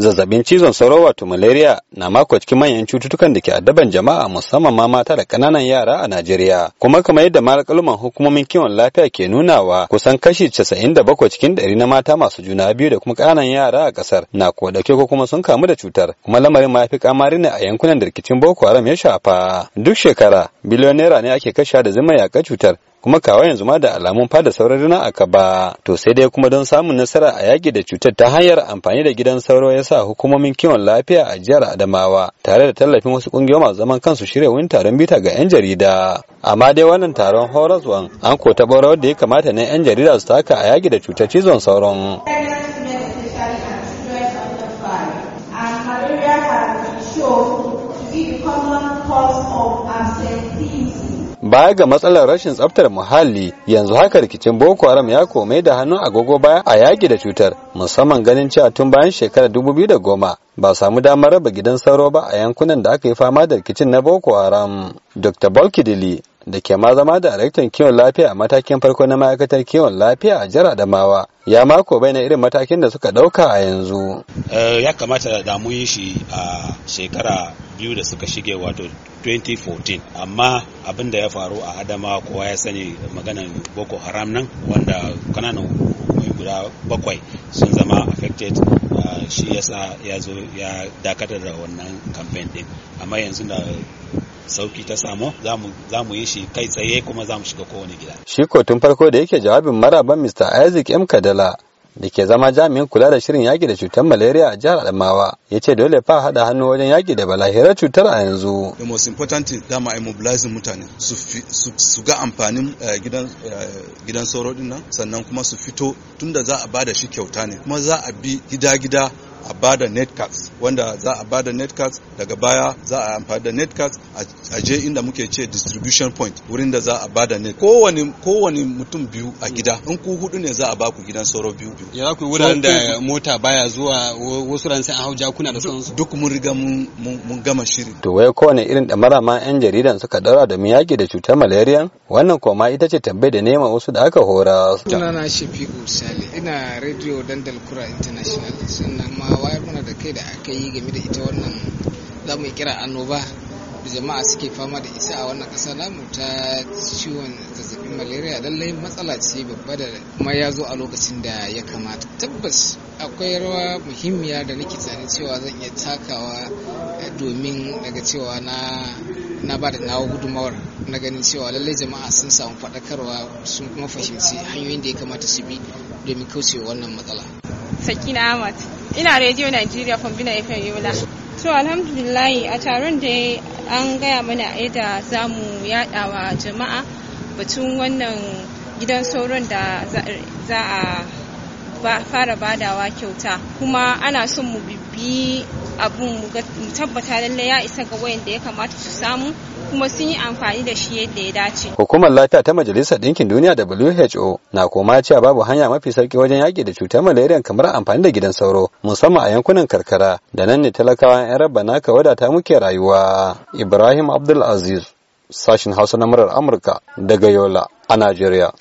zazzabin cizon sauro wato malaria na mako cikin manyan cututtukan da ke addaban jama'a musamman ma mata da kananan yara a Najeriya kuma kamar yadda malakalman hukumomin kiwon lafiya ke nunawa kusan kashi 97 cikin 100 na mata masu juna biyu da kuma kananan yara a ƙasar na ko dauke ko kuma sun kamu da cutar kuma lamarin ma fi kamari ne a yankunan da rikicin Boko Haram ya shafa duk shekara biliyon ne ake kashe da zuma yaƙa cutar kuma kawo yanzu ma da alamun fada sauran rina aka ba to sai dai kuma don samun nasara a yaki da cutar ta hanyar amfani da gidan sauro ya sa hukumomin kiwon lafiya a jihar Adamawa tare da tallafin wasu kungiyoyi masu zaman kansu shirya wani taron bita ga yan jarida amma dai wannan taron horas horaswan an ko ta rawar da ya kamata na yan jarida su taka a yaki da cutar cizon sauron to be the common cause of absenteeism baya ga matsalar rashin tsaftar muhalli yanzu haka rikicin boko haram ya komai da hannu agogo baya a yaki da cutar musamman ganin cewa tun bayan shekarar goma. ba samu damar raba gidan sauro ba a yankunan da aka yi fama da rikicin na boko haram dr Dili. da ke ma zama daraktan kiwon lafiya a matakin farko na ma'aikatar kiwon lafiya a jihar Adamawa ya mako bai na irin matakin da suka dauka a yanzu. Eh, ya kamata da mu yi shi a shekara biyu da suka shige wato 2014 amma abin da ya faru a Adamawa kowa ya sani maganan Boko Haram nan wanda kananan hukumomi guda bakwai sun zama affected eh, shi yasa ya zo ya dakatar da wannan campaign din amma yanzu da sauki ta samu za mu yi shi kai tsaye kuma za mu shiga kowane gida. Shi ko tun farko da yake jawabin maraban Mr. Isaac M. Kadala da ke zama jami'in kula da shirin yaƙi da cutar malaria a jihar Adamawa ya ce dole fa haɗa hannu wajen yaƙi da balahirar cutar a yanzu. The most important thing za a immobilize mutane su ga amfanin eh, eh, gidan sauro din nan sannan kuma su fito tunda za a bada shi kyauta ne kuma za a bi gida-gida a bada netcaps wanda za a bada netcaps daga baya za a amfani da netcaps a je inda muke ce distribution point wurin da za a bada net kowane kowane mutum biyu a gida in ku hudu ne za a ba ku gidan sauro biyu biyu ya ku wuraren da mota baya zuwa wasu ran sai an hau jakuna da sauransu duk mun riga mun gama shiri to wai kowane irin da marama yan jaridan suka daura da miyaki da cutar malaria wannan koma ita ce tambayar da nema wasu da aka hora sunana shafiqu sale ina radio dandal kura international sannan ma wayar mana da kai da aka yi game da ita wannan za mu kira annoba da jama'a suke fama da isa a wannan ƙasa namu ta ciwon zazzabin malaria lallai matsala ce babba da kuma ya zo a lokacin da ya kamata tabbas akwai rawa muhimmiya da nake tsanin cewa zan iya takawa eh, domin daga cewa na na ba da nawa gudumawar na ganin cewa lallai jama'a sun samu faɗakarwa sun kuma fahimci hanyoyin da ya kamata su bi domin kaucewa wannan matsala sakina amat ina radio nigeria from bina fm yola to alhamdulillah a taron da an gaya mana a yadda za mu wa jama'a batun wannan gidan sauran da za a fara badawa kyauta kuma ana son mu bibi abun mu tabbata lallai ya isa ga wayanda ya kamata su samu kuma sun yi amfani da shi yadda ya dace. Hukumar lafiya ta Majalisar Ɗinkin Duniya WHO na koma cewa babu hanya mafi sauki wajen yaƙi da cutar malaria kamar amfani da gidan sauro musamman a yankunan karkara da nan ne talakawa 'yan rabba ka wadata muke rayuwa. Ibrahim Abdul Aziz, sashin Hausa na murar Amurka daga Yola a Najeriya.